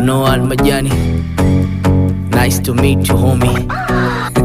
You know Nice to meet you homie.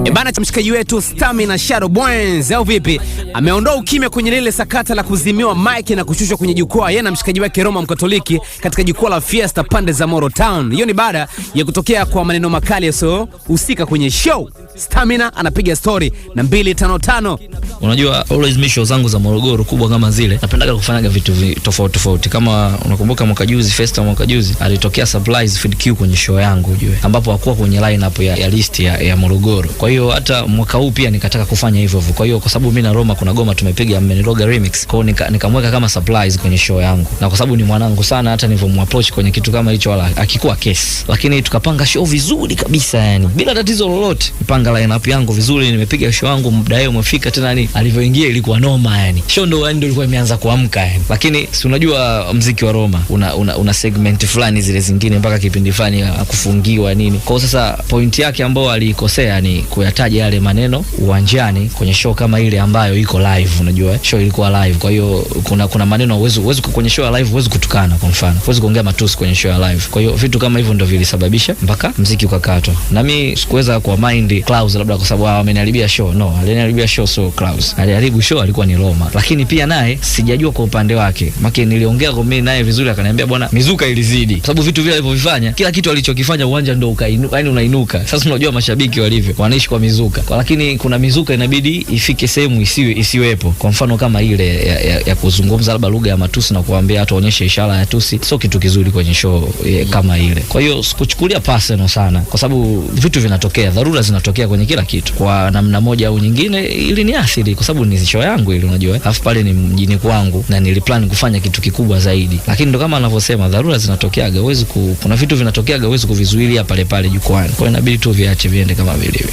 Ebana eh, cha mshikaji wetu Stamina Shadow Boys au vipi? Ameondoa ukimya kwenye lile sakata la kuzimiwa mike na kushushwa kwenye jukwaa yeye na mshikaji wake Roma Mkatoliki katika jukwaa la Fiesta pande za Moro Town. Hiyo ni baada ya kutokea kwa maneno makali yasiyohusika kwenye show. Stamina anapiga story na 255. Unajua always misho zangu za Morogoro kubwa kama zile, napendaga kufanyaga vitu vi, tofauti tofauti. Kama unakumbuka mwaka juzi, Festa mwaka juzi alitokea surprise feed Q kwenye show yangu ujue, ambapo hakuwa kwenye lineup ya, ya list ya, ya Morogoro. Kwa hiyo hata mwaka huu pia nikataka kufanya hivyo hivyo. Kwa hiyo kwa sababu mimi na Roma kuna goma tumepiga Ameniroga remix, kwa hiyo nikamweka kama surprise kwenye show yangu, na kwa sababu ni mwanangu sana, hata nilivyomapproach kwenye kitu kama hicho wala akikuwa kesi, lakini tukapanga show vizuri kabisa, yani bila tatizo lolote nimepanga lineup yangu vizuri, nimepiga show yangu, muda wao umefika tena. Ni alivyoingia ilikuwa noma, yani show ndo ndio ilikuwa imeanza kuamka yani. Lakini si unajua mziki wa Roma una, una, una segment fulani zile zingine mpaka kipindi fulani akufungiwa nini. Kwa sasa point yake ambayo alikosea ni kuyataja yale maneno uwanjani kwenye show kama ile ambayo iko live, unajua eh? show ilikuwa live. Kwa hiyo kuna kuna maneno uwezo uwezo kwenye show ya live uwezo kutukana, kwa mfano uwezo kuongea matusi kwenye show ya live. Kwa hiyo vitu kama hivyo ndio vilisababisha mpaka mziki ukakatwa, na mimi sikuweza kwa mind Klaus labda kwa sababu ameniharibia show. No, aliniharibia show sio Klaus. Aliharibu show alikuwa ni Roma. Lakini pia naye sijajua kwa upande wake. Maki niliongea kwa mimi naye vizuri akaniambia bwana mizuka ilizidi. Kwa sababu vitu vile alivyovifanya, kila kitu alichokifanya uwanja ndio ukainuka, yani unainuka. Sasa unajua mashabiki walivyo, wanaishi kwa mizuka. Kwa lakini kuna mizuka inabidi ifike sehemu isiwe isiwepo. Kwa mfano kama ile ya, ya, ya kuzungumza labda lugha ya matusi na kuambia watu waonyeshe ishara ya tusi, sio kitu kizuri kwenye show eh, kama ile. Kwa hiyo sikuchukulia personal sana kwa sababu vitu vinatokea, dharura zinatokea kuingia kwenye kila kitu kwa namna moja au nyingine, ili ni athiri kwa sababu ni show yangu ile, unajua, alafu pale ni mjini kwangu na niliplan kufanya kitu kikubwa zaidi, lakini ndo kama anavyosema dharura zinatokeaga, huwezi kuna vitu vinatokeaga, huwezi kuvizuilia pale pale jukwani, kwa inabidi tu viache viende kama vilivyo.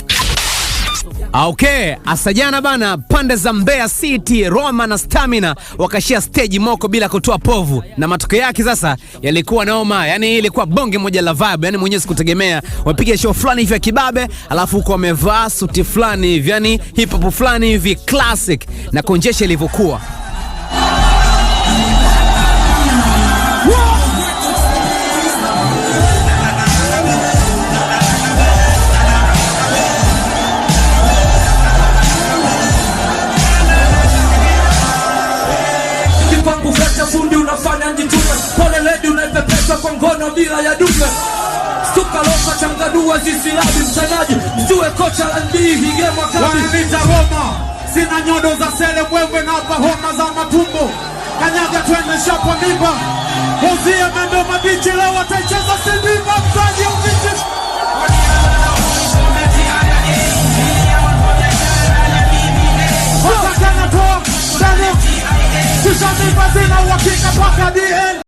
Ah, okay, asajana bana, pande za Mbeya City Roma na Stamina wakashia stage moko bila kutoa povu, na matokeo yake sasa yalikuwa noma. Yani ilikuwa bonge moja la vibe, yani mwenyewe sikutegemea. Wapiga show fulani hivi ya kibabe, alafu huko wamevaa suti fulani hivi, yani hip hop fulani hivi classic, na konjesha ilivyokuwa pesa kwa ngono bila ya dume suka lofa changanua zisilabi msanaji mjue kocha la hige mwakaiita Roma sina nyodo za sele mwewe na hapa homa za matumbo kanyaga twende shapwa mimba uzie mendo mabichi leo wataicheza Simba mtaji uviti Watakana toa ndani, kisha mimba zina uhakika paka DNA